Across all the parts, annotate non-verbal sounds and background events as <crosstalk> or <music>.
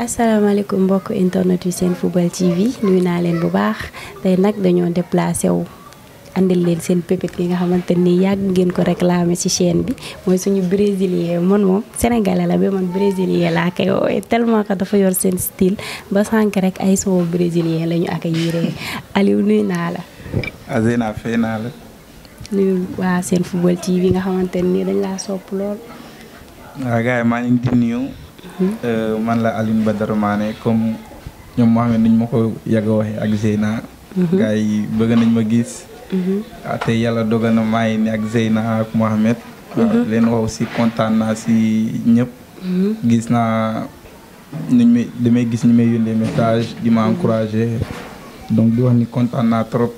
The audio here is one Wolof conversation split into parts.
asalaamaaleykum mbokk internet yu seen football TV nuy naa leen bu baax tey nag dañoo déplacé wu andil leen seen pépite yi nga xamante ni yàgg ngeen ko réclamer ci chaîne bi mooy suñu brésilien man moom sénégalais la ba man brésilien laa koy woowee tellement que dafa yor seen style ba sànq rek ay soo brésilien la ñu accueillir Aliou nuyu naa la. Azena ah, fay naa la. nuyu waa seen football TV nga xamante ni dañ laa sopp lool. waaw ah, gars yi maa ngi di nuyu Euh, man la Alioune Badara Mané comme ñoom Mohamed niñ ma ko yàgg a waxee ak Zeyna. Mhm. gars yi nañ ma gis. Mhm. Ah, te yàlla dogal na maa ngi ni ak Zeyna ak Mohamed. Mhm. Ah, leen wax aussi kontaan naa si ñëpp. gis naa nuñ may damay gis ñu may yónnee message di ma encouragé donc di wax ni kontaan naa trop.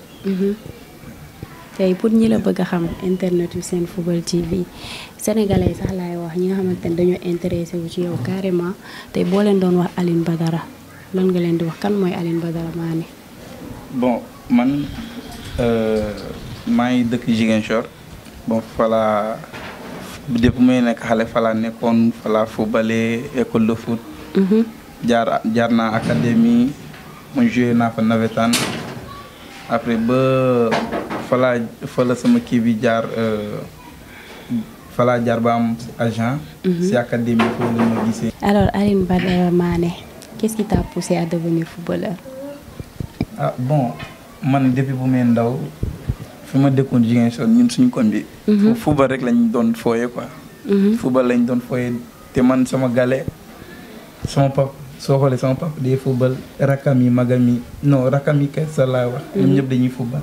tey pour ñi la bëgg xam internet yu seen football TV sénégalais sax laay wax ñi nga xamante ne dañoo intéressé wu ci yow carrément tey boo leen doon wax Alioune Badara lan nga leen di wax kan mooy Alioune Badara Mané. bon man euh, maa ngi dëkk Ziguinchor bon fala depuis muy nekk xale fala nekkoon fala footballé école de foot. Mhm. jaar jaar naa académie mu joué naa fa nawetaan après ba fala fala sama kii bi jaar. Euh, Fala Diarbaam agent. Mhm. si académie foofu la ma gisee. alors Alioune Badara Mané qu'est-ce qui t'a poussé à devenir footballeur. ah bon man depuis bu may ndaw fi ma dëkkoon Ziguinchor ñun suñu koñ bi. Mhm. football rek lañ doon foyer quoi. Mhm. football lañ doon fooyee te man sama gale sama pap soo xoolee sama pap day football rakam yi magam yi non rakami yi kese laa wax. ñoom ñëpp dañuy football.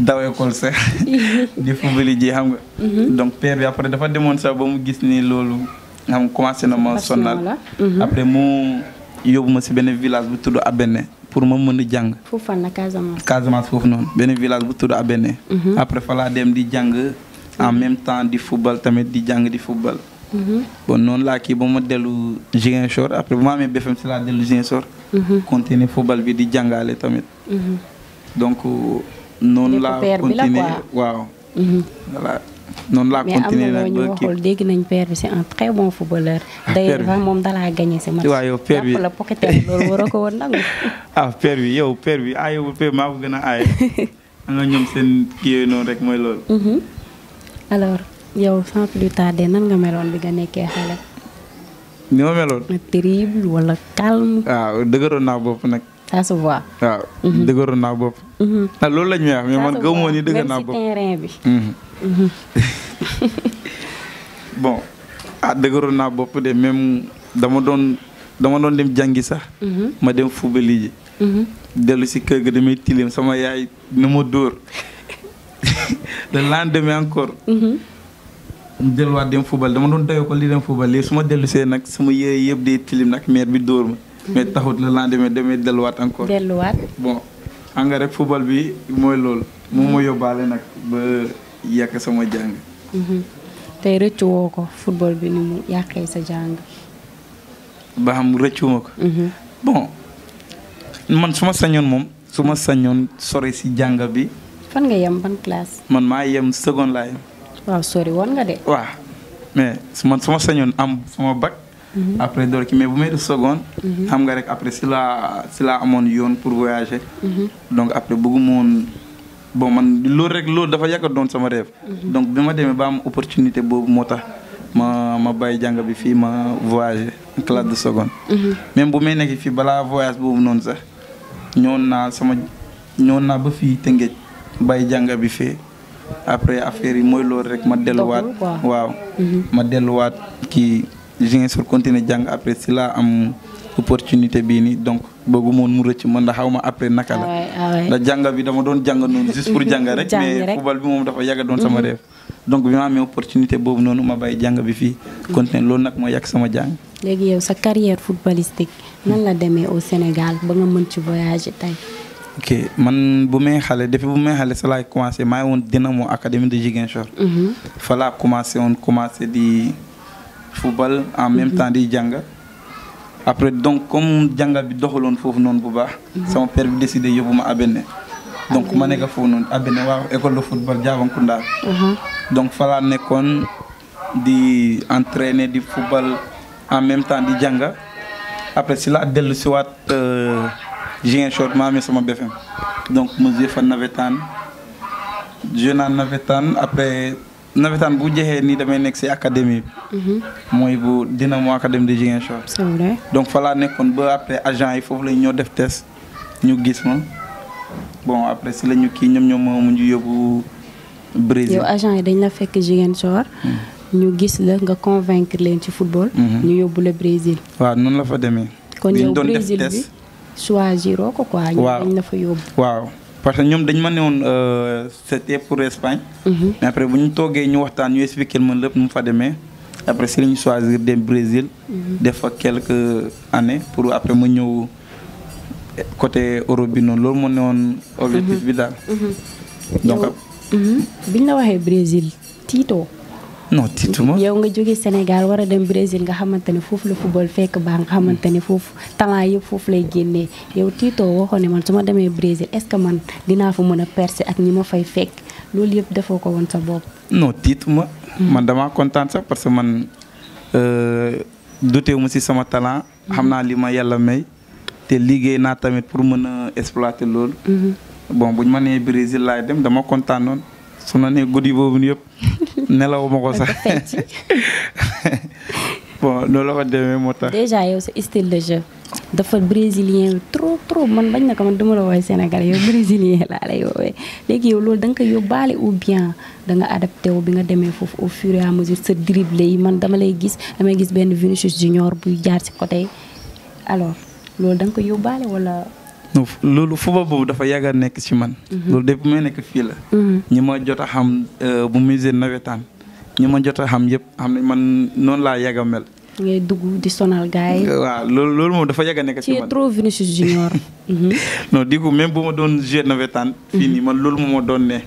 daweekul sax <laughs> di football ji xam nga. Mhm. donc père bi après dafa demoon sax ba mu gis ni loolu xam commencé na ma sonal. Mhm. après mu yóbbu ma si benn village bu tudd Abene pour ma mën a jàng. foofu fan la Casamance. Casamance foofu noonu benn village bu tudd Abene. Mhm. après fa laa dem di jàng en même temps di football tamit di jàng di football. bon noonu laa kii ba ma dellu Ziguinchor après bu ma amee BFM si laa dellu Ziguinchor. continuer football bi di jàngale tamit. donc. Mhm. noonu laa continué waaw. voilà ñu waxul dégg nañ père bi c'est un très bon footballeur. ah père moom dalaa gagné si match. waaw yow père bi la pokete loolu waroo ko woon nangu. <laughs> ah bi yow père bi ah, aayewul a aaye. am <laughs> na ñoom seen kii yooyu noonu rek mooy loolu. Mhm. alors yow sans plus tarder nan nga meloon bi nga nekkee xale. ni ma meloon. terrible wala calme. waaw ah, dëgëroon naa bopp nag. ça se voit. waaw. Ah, mhm. dëgëroon naa bopp. Mhm. Ah, loolu lañ may wax mais man gëmoo ni naa bopp même mhm. <laughs> ah, dëgëroon naa bopp de même dama doon dama doon dem jàngi sax. ma dem fubali ji. dellu si kër ga damay tilim sama yaay na ma dóor <laughs> le lendemain encore. mu delluwaat dem fubal dama doon dayoo ko li dem fubal léegi su ma dellu see nag sama yére yëpp dee tilim nag meer bi dóor ma. mais taxut le lendemain demé delouat encore delouat bon anga rek football bi moy lol moom moo nak mm-hmm. nag ba yak sama jang hmm tay reccu ko football bi ni mu yaké sa jang ba am reccu ko mm-hmm. bon man suma sañon mom, suma sañon sori si jang bi fan nga yam ban classe man mai yam seconde line. yem waaw sori won nga de waaw mais man suma sañon am sama bac Mm-hmm. après door ki mais bu may def seconde. Mm-hmm. xam nga rek après si laa amoon yoon pour voyager. Mm-hmm. donc après bëgguma woon man loolu rek loolu dafa yàgg doon sama rêve. donc bi ma demee ba am opportunité boobu moo tax ma ma bàyyi jàng bi fii ma voyager en de seconde. bu may nekk fii balaa voyage boobu noonu sax ñëwoon naa sama ñëwoon naa ba fii Tëngéej bay jàng bi fii. après affaire yi mooy loolu rek ma delluwaat waaw ma delluwaat kii sur continuer jang après si am opportunité bii donc bëggu moon mu rëcc man da xawma après nakala la ah ah ndax bi dama don jang non juste pour jàng rek <laughs> mais football bi moom dafa yàgg doon sama mm-hmm. rêve donc bima am opportunité bobu noonu ma bàyyi jang bi fi mm-hmm. continuer lool nak mo yak sama jang légui yow sa carrière footballistique nan la démé au Sénégal ba nga mën ci voyager tay ok man bu may xalé depuis bu may xalé cela a commencé maa ngi Dynamo académie de Ziguinchor mm-hmm. fa laa commencé on commencé di football en même mhm. temps di janga après donc comme djanga bi doxaloon foofu boba bu baax mhm. père bi décidé yóbbu ma donc je nekk foofu noonu abenne à école de football kunda mhm. donc fa laa nekkoon di entraîner du football en même temps di janga après si j'ai un si mais ça ma donc sama y donc ma joué je navétane joué naa navétane après nawetaan bu jeexee nii damay nekk si académie bi. Mhm. mooy bu Dynamo académie de Ziguinchor. c'est vrai donc fa laa nekkoon ba après agent yi foofu la ñoo def test ñu gis ma bon après si kii ñoom ñoom moo mujj yóbbu Brésil. yow agent yi dañ la fekk Ziguinchor. Hmm. ñu gis la nga convaincre leen ci football. Mhm. ñu yóbbu la Brésil. waaw noonu la fa demee. kon yow Brésil bi choisiroo ko quoi. waaw ñu dañ la fa yóbbu. waaw. parce que ñoom dañ ma ne woon euh, c'était pour Espagne. Mhm. mais après bu ñu toogee ñu waxtaan ñu expliqué ma lépp nu mu fa demee après si la ñu choisir dem Brésil. Mhm. def fa quelques années pour après ma ñëw côté Europe bi noonu loolu moo ne woon. objectif bi mhm. daal. donc. biñ la waxee Brésil tiitoo. non tiituma yow nga jóge Sénégal war a dem Brésil nga xamante ne foofu la football fekk baax nga xamante ne foofu talent yëpp foofu lay génnee yow tiitoo waxoon ne man su ma demee Brésil est-ce que man dinaa fa mën a percer ak ñi ma fay fekk loolu yëpp defoo ko woon sa bopp. non tiituma. Hmm. man damaa kontaan sax parce que man euh, dutewu ma si sama talent. Hmm. xam naa lii ma yàlla may te liggéey naa tamit pour mën a exploiter loolu. Hmm. buñ bu ñu ma nee Brésil laay dem dama kontaan noonu su ma nee guddi boobu yëpp. <laughs> nelaw ma ko sax <laughs> bon loolu la ko moo tax. déjà yow sa style de jeu dafa brésilien trop trop man bañ na ko man dama la woowee Sénégal yow brésilien laa lay woowee léegi yow loolu da nga koy yóbbaale ou bien da nga adapté bi nga demee foofu au fur et à mesure sa dribble yi man dama lay gis damay gis benn Vinicius Junior buy jaar ci côté alors loolu da nga yóbbaale wala. loolu fuba boobu dafa yàgg nekk ci man. Mhm. loolu depuis may nekk fii la. Mhm. ñi ma jot a xam euh, bu musée nawetaan ñi ma jot a xam yëpp xam ne man noonu laa yàgg mel. ngay dugg di sonal gaay euh, waaw loolu loolu moom dafa yàgg nekk ci man. c'est trop Vinicius Junior. <laughs> non ma doon jouer nawetaan. fii mhm. man loolu moo doon ne.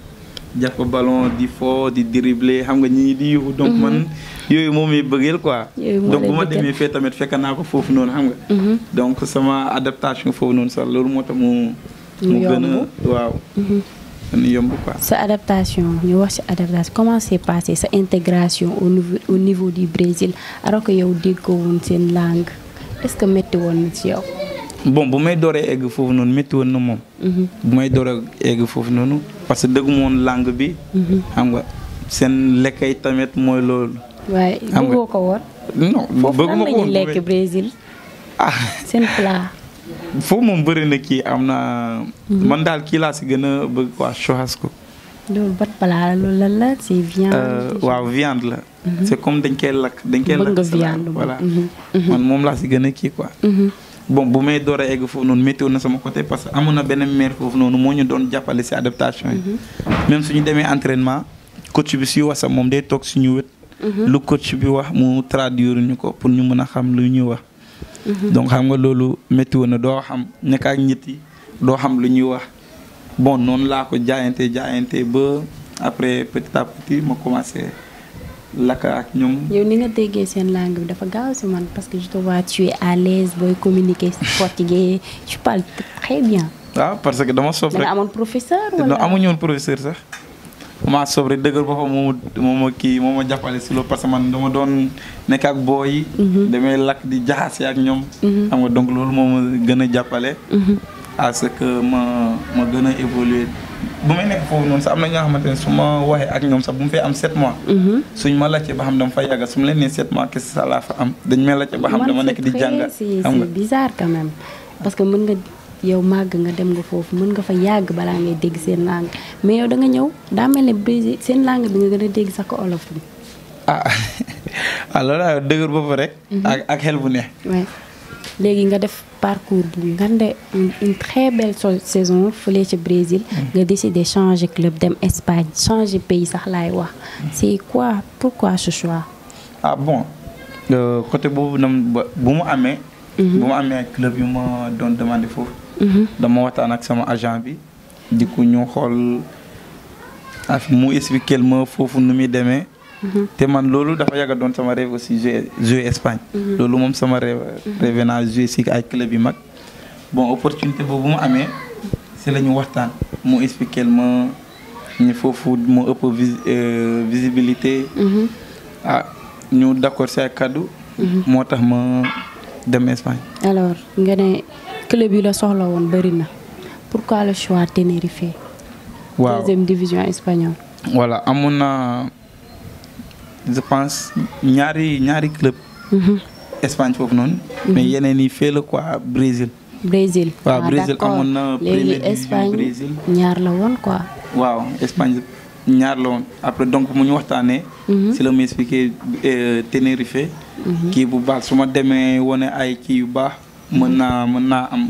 jàpp ballon di fo di dribbler xam nga ñi di yuuxu donc man. yoy momi mi quoi. donc buma ma demee fee tamit fekk naa ko fofu non xam nga. Mhm. donc sama adaptation fofu non sax lolu moo tax mu. mu gën a waaw. Mhm. yomb quoi. sa adaptation ñu wax ci adaptation comment s'est passé sa intégration au niveau au niveau du Brésil alors que yow déggoo won sen langue est-ce que metti won na ci yow. bon bu may dooree egg foofu noonu métti woon na moom. Mhm. bu may dooree egg fofu non parce que déggu ma langue bi. xam nga sen lekkay tamit moy lolu waaye bëggoo ko woon. non bëgguma ko woon lekk Brésil. ah seen plat. foofu moom bëri na kii am na. Mhm. man daal kii laa si gën a bëgg waa churrasco. loolu bat balaa la loolu lan la si viande. Euh, waaw viande la. Mhm. c'est comme dañ koy lakk dañ koy lakk. viande voilà. Mhm. man moom laa si gën a kii quoi. bon bu may door a egg foofu noonu météo na sama côté parce que amoon na benn maire foofu noonu moo ñu doon jàppale si adaptation yi. même suñu demee entraînement coach bi si wasa moom day toog suñu wét. Mm-hmm. lu coach bi wax mu traduire ñu ko pour ñu mëna xam lu ñu wax mm-hmm. donc xam nga lolu metti wona do xam nekk ak nit do xam lu ñu wax bon non la ko jaayante jaayante ba après petit à petit ma commencé lak ak ñoom yow ni nga déggé sen langue bi dafa gaaw ci man parce que je te vois tu es à l'aise boy communiquer portugais tu parles très bien ah, parce que dama sof rek amoon professeur wala amuñu ñu professeur sax commencé sobre dëgër boppam moo ma moo ma kii moo ma jàppale si loolu parce man dama doon nekk ak boo yi. Mhm. damay lakk di jaxase ak ñoom. Mhm. xam nga donc loolu moo ma gën a jàppale. Mhm. à que ma ma gën a évoluer bu may nekk foofu noonu sax am na ñoo xamante ne su ma waxee ak ñoom sax bu mu fay am 7 mois. suñ ma laajte ba xam dama fa yàgg su ma leen nee 7 mois qu'est-ce que laa fa am dañ may laajte ba xam dama nekk di jàngat. xam nga c'est bizarre mën nga. yow mag nga dem nga fofu mën nga fa yàgg balaa ngay dégg seen langue mais yow da nga ñëw daa mel ne bi seen langue bi nga gën a dégg sax ko olof bi. ah <laughs> ah loolu dëgër bopp rek. Mhm. ak ak xel bu neex. léegi nga def parcours bu ngande une très belle saison fële ci Brésil. Mhm. nga décidé changer club dem Espagne changer pays sax laay wax. Mhm. c'est quoi pourquoi ce choix. ah bon euh, côté boobu nag bu mu amee. bu mu amee club yu ma doon demandé foofu. Mm-hmm. dama waxtaan ak sama agent bi di ko ñu xol af mu expliquer ma fofu nu mi démé té man lolu dafa yaga doon sama rêve aussi jouer jouer Espagne mm-hmm. lolu mom sama rêve mm-hmm. rêve naa jouer si ay club yi mag bon opportunité boobu mu amé c'est la ñu waxtaan mu expliquer ma ñu fofu mo ëpp euh, visibilité ah ñu d'accord c'est cadeau motax moo tax ma dem Espagne alors nga club yi la soxla woon bëri na pourquoi le choix waaw deuxième division espagnole. voilà amoon na je pense ñaari ñaari club. Mhm. Espagne foofu noonu. Mhm. mais yeneen yi fee Brésil. Brésil ah, amoon na. léegi Espagne ñaar la woon quoi. waaw Espagne ñaar la woon après donc mu ñu waxtaanee. Mhm. si la mu expliqué euh, Tenerife. kii bu baax su ma demee wone ay kii yu baax. mën naa mën naa am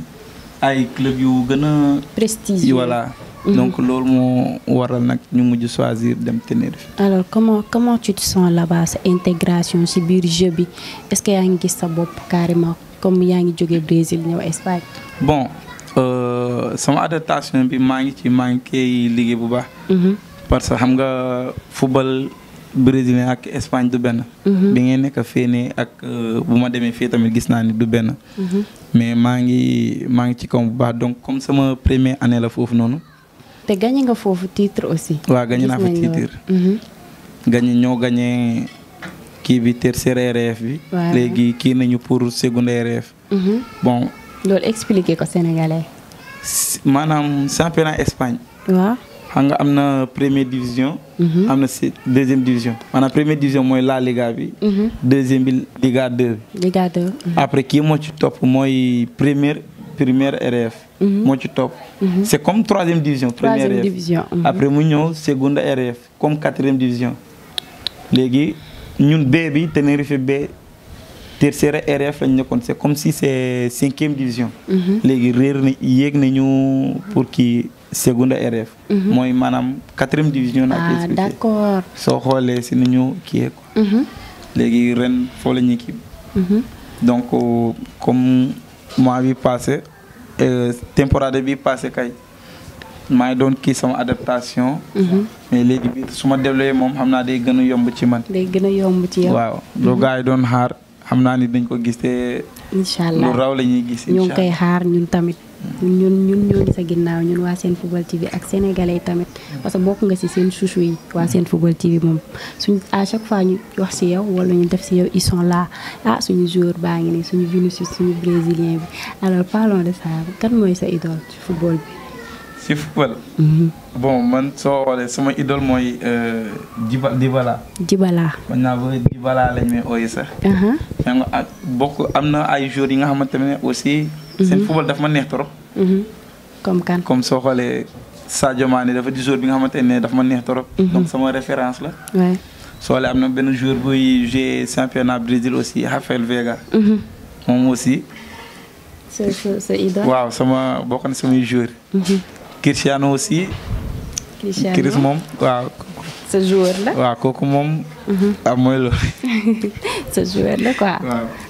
ay club yu gën a. prestigieux voilà. Mm-hmm. donc loolu moo waral nag ñu mujj choisir dem Tenerife. alors comment comment tu te sens là-bas sa intégration si biir jeu bi est-ce que yaa ngi gis sa bopp carrément comme yaa ngi jógee Brésil ñëw Espagne. bon euh, sama adaptation bi maa ngi ci maa ngi koy liggéey bu baax. Mm-hmm. parce que xam nga football. brésilien ak Espagne du benn. Mhm. bi ngay nekk fii ak euh, bu ma demee fii tamit gis naa ni du benn. Mhm. mais maa ngi maa ngi ci kaw bu baax donc comme sama première année la foofu noonu. te gagné nga foofu titre aussi. waaw gagné naa fa titre. Mhm. gagné ñoo gagné kii bi tertiaire RF bi. léegi kii nañu pour secondaire RF. bon. loolu expliqué ko sénégalais. maanaam championnat Espagne. waaw. xam nga am na première division. Mhm. am na si deuxième division maanaam première division mooy la Liga bi. Mhm. deuxième bi Liga 2. Liga 2. Mhm. après kii moo ci topp mooy première première RF. moo ci topp. c' est comme troisième division. première RF après mu ñëw seconde RF comme quatrième division. léegi ñun B bi Tenerife B tertiaire RF lañ nekkoon c' est comme si c' est division. léegi réer na yéeg pour kii. segunda RF. Mhm. mooy maanaam quatrième division. ah d'accord soo xoolee si nu ñu kiiyee quoi. Mhm. léegi ren foo la ñuy kii. Mhm. donc euh, comme mois vie passé euh, temporada vie passé kay maa ngi doon kii sama adaptation. mais léegi bi su ma développé moom xam naa day gën a yomb ci man. day gën a yomb ci yow. waaw loo gars yi doon xaar xam ni dañ ko gis te. incha allah lu raw la ñuy gis. incha allah ñu ngi ñun tamit. ñun ñun sa ginnaaw ñun waa seen football TV ak sénégalais yi tamit parce que bokk nga si seen chouchou yi waa seen football TV moom suñ à chaque fois ñu wax si yow wala ñu def si yow ils sont ah suñu joueur baa ngi nii suñu Vinicius suñu brésilien bi alors parlons de ça kan mooy sa idole ci football bi. si football. Mhm. bon man soo xoolee sama idole mooy euh, Diba Dibala. Dibala. man naa ba Dibala lañ may ooyee sax. xam bokk am na ay joueurs yi nga xamante ne aussi. Mhm. seen football daf ma neex trop. Mhm. comme kan comme soo xoolee Sadio Mané dafa di joueur bi nga xamante ne daf ma neex trop. Mhm. donc sama référence la. soo xoolee am na benn joueur buy joué championnat Brésil aussi Rafael Veiga. moom aussi. sa sa idole waaw sama bokk na samay joueur. Cristiano aussi. Cristiano Chris moom waaw. sa joueur la waaw kooku moom. am ah, mooy loolu. <laughs> sa joueur la quoi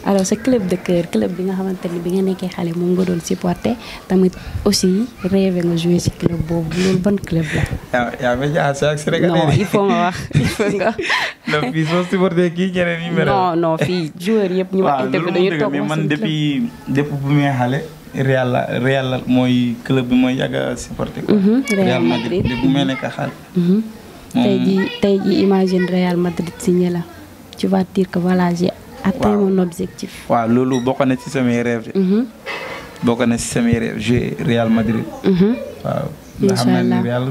alors ce club de cœur club bi nga xamanteni bi nga nekké xalé mo nga doon supporter tamit aussi rêvé nga jouer ci club bobu lool ban club la ya ya mais ya sa ak sénégalais non il faut nga wax <laughs> il faut nga le fils so supporter ki ñeneen yi mère non non fi joueur yépp ñu wax ah, interview dañu tok mais man depuis depuis bu mé xalé Real Real moy club bi moy yaga supporter quoi Real Madrid bu mé nek xal mhm. tay ji tay ji imagine Real Madrid signé la tu vas dire que voilà j'ai atteint mon objectif. waaw loolu bokk na ci samay rêve de. Mhm. bokk na ci samay rêve J'ai Real Madrid. Mhm. waaw nga xam naa ne Real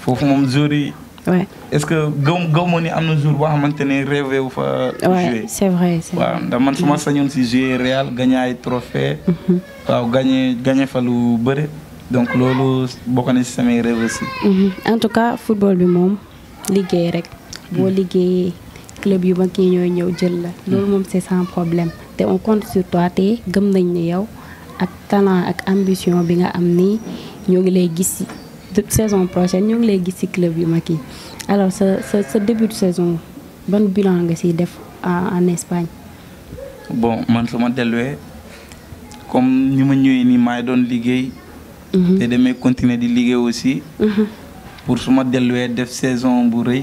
foofu moom jour yi. Ouais. Est-ce que gëm gëmoo ni am na jour boo xamante ne rêvé wu fa. Ouais. c'est vrai c'est vrai waaw ndax man su ma mhm. sañoon si Real gagné ay trophée waaw gagner, gagner fa lu bëre. donc loolu bokk na si samay rêve aussi. en tout cas football bi moom liggéey rek. boo liggéeyee club hmm. c'est sans problème on compte sur toi té gëm nañ yow ambition bi nga saison prochaine lay club alors ce début de saison ban bilan nga en Espagne bon man comme nous ma ni maay doon liggéey mm-hmm. continuer di aussi mm-hmm. pour suma def saison bu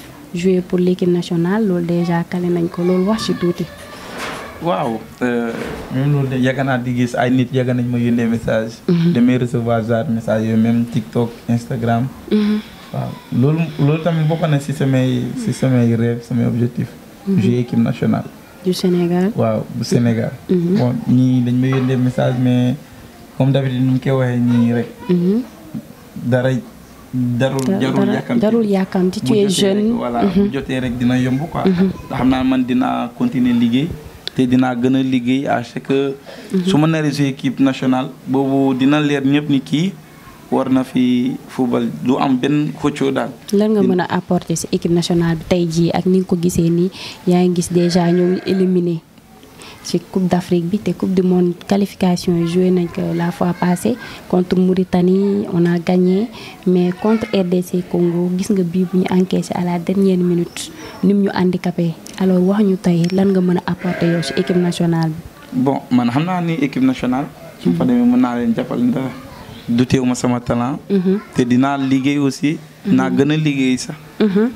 jouer pour l'équipe nationale loolu déjà calé nañ ko loolu wax ci touti waaw euh ñu de yàgg naa di gis ay nit yàgg nañ ma yónnee message. Mhm. damay recevoir genre message yo même TikTok Instagram. Mhm. waaw loolu loolu tamit bokk na ci sama ci samay rêve sama objectif. Mhm. jouer équipe nationale. du Sénégal waaw du Sénégal. bon ñi dañ ma yónnee message mais comme d'habitude ñu mu koy waxee ñii rek. dara. darul jarul yàkkamti jarul yàkkamti tu es jeune voilà mhm. mu jotee rek dina yomb ko te mhm. xam naa man dina continuer liggéey. te dinaa gën a liggéey à chaque. Mhm. su ma naree si équipe nationale. boobu dina leer ñëpp ni kii war na fi football du am benn xëccoo daal. lan nga mën a apporter si équipe nationale bi tey jii ak ni nga ko gisee nii yaa ngi gis déjà ñoo éliminé. ci Coupe d'Afrique bi té Coupe du monde qualification yi joué nañ ko la fois passée contre Mauritanie on a gagné mais contre RDC Congo gis nga bi bu ñu encaissé à la dernière minute nim ñu handicapé alors wax ñu tay lan nga mëna apporter yow ci équipe nationale bon man xam naa ni équipe nationale. su suis fa demee mën naa leen jàppal ndax duteewu ma sama talent. Mhm. te dinaa liggéey aussi. naa mhm. gën a liggéey sax. Mhm.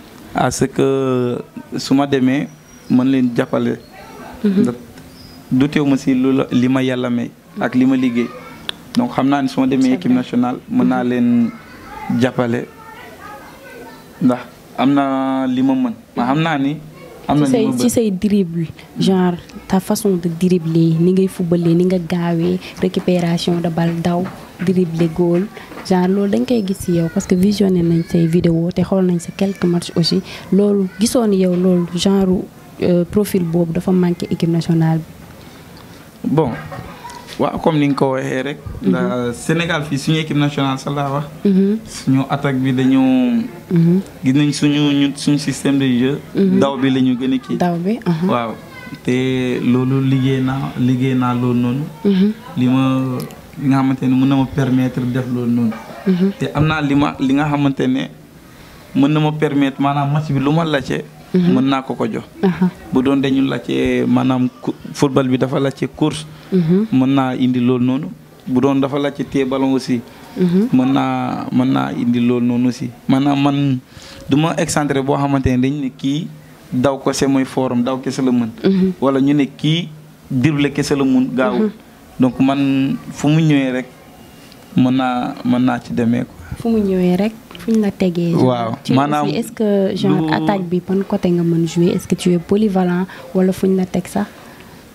ce que su ma demee mën leen jàppale duteewu ma si lu la li ma yàlla may ak li ma donc xam naa ne su ma demee équipe nationale mën naa mhm. leen jàppale ndax am na li ma mën ma ni am na ci say dribble genre ta façon de dribbler ni ngay fubalee ni nga gaawee récupération de balle daw dribbler goal genre loolu dañ koy gis yow parce que visionné nañ say vidéo te xool nañ sa quelques matchs aussi loolu gisoon yow loolu genre euh, profil boobu dafa manqué équipe nationale bon waaw comme ni nga ko waxee rek. Mhm. Sénégal fii suñu équipe nationale sax laa wax. Mhm. suñu attaque bi dañoo. Mhm. gis nañ suñu ñun suñu système de jeu. daw bi lañu ñu gën a kii. daw uh-huh. waaw te loolu liggéey naa liggéey naa loolu noonu. li ma li nga xamante ne mën na ma permettre def loolu noonu. te am naa li ma li nga xamante ne mën na ma permettre maanaam match bi lu ma lacce Mm-hmm. mën naa ko ko jox. Uh-huh. bu doon dañu laajte maanaam football bi dafa laajte course. Mm-hmm. mën naa indi lool noonu bu doon dafa laajte téye ballon aussi. Mm-hmm. mën naa mën naa indi loolu noonu aussi maanaam man du ma excentré boo xamante ne dañ ne kii daw ko se mooy forum daw kese la mën. wala ñu ne kii dribble kese la mën gaawul. donc man fu mu ñëwee rek mën naa mën naa ci demee ko fu mu ñëwee rek. fu ñu la tegee. waaw maanaam est-ce que genre attaque bi ban côté nga mën jouer est-ce que tu es polyvalent wala fu ñu la teg sax.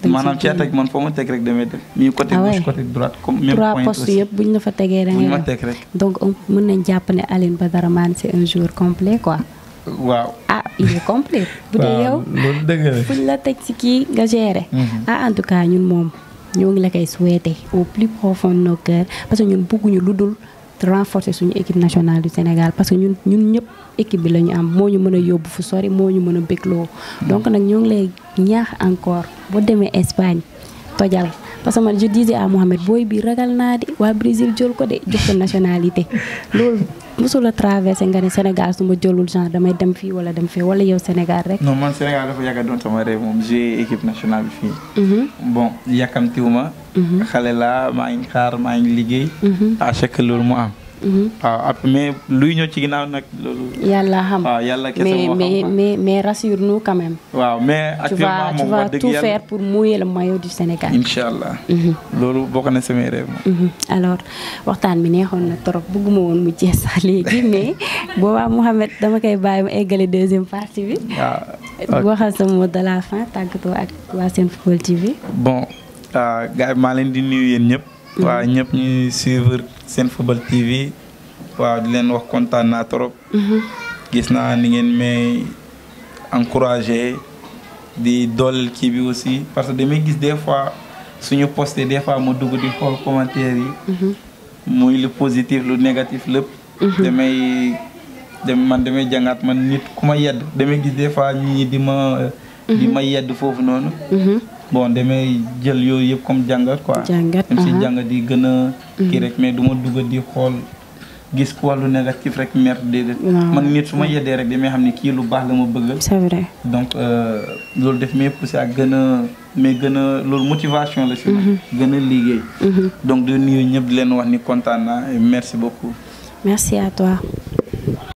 maanaam ci attaque man foo ma teg rek damay def. mi côté ah gauche côté droite comme même point trois postes yëpp bu la fa tegee da nga teg rek donc mën nañ japp né Aline Badara c'est un joueur complet quoi. waaw ah il est complet. <laughs> bu dee yow loolu dëgg la fu la teg ci ki nga gérer. Mhm. ah en tout cas ñun moom ñoo ngi la koy souhaiter au plus profond de nos cœurs parce que ñun bëgguñu lu dul. renforcer suñu équipe nationale du Sénégal parce que ñun ñun ñëpp équipe bi la ñu am moo ñu mën a yóbbu fu sori moo ñu mën a bégloo donc nag ñoo ngi lay ñaax encore boo demee Espagne tojal parce que man je disais à Mohamed booy bi ragal naa di waa Brésil jël ko de jox ko nationalité <laughs> loolu mosul a traversé nga Sénégal suma ma damay dem fi wala dem fii wala yow Sénégal rek. non man Sénégal dafa yaga don sama Je suis j'ai équipe nationale bi fii. Mhm. bon mhm. la ma ngi xaar ngi mhm. à chaque mu am mais mais rassure-nous quand même. tu vas tout faire pour mouiller le maillot du Sénégal. Inshallah. Mm-hmm. Mm-hmm. alors waxtaan bi neexon na trop bëgguma won mu jeex sax <laughs> mais boba que dama kay baye deuxième partie ah, de la fin ak TV. bon ah, gars yi di nuyu ñep mm-hmm. wa seen football TV waaw di leen wax kontaan naa trop. Mhm. gis naa ni ngeen may encourage di dool kii bi aussi parce que damay gis des fois suñu posté des fois mu dugg di xool commentaire yi. Mhm. muy lu positif lu négatif lépp. Mhm. damay dem man damay jàngaat man nit ku ma yedd damay gis des fois nit di ma. di ma yedd foofu noonu. bon damay jël yooyu yëpp comme jàngat ko jàngat même si uh-huh. jàngat yi gën a. kii mm-hmm. rek mais du ma dugg di xool gis wàllu négatif rek mer déedéet. man nit su ma yeddee rek damay xam ne kii lu baax la ma bëgg. c'est vrai donc euh, loolu def may poussé ak gën a mais gën a loolu motivation la si. Mm-hmm. gën a liggéey. Mm-hmm. donc di nuyu ñëpp leen wax ni kontaan naa merci beaucoup. merci à toi.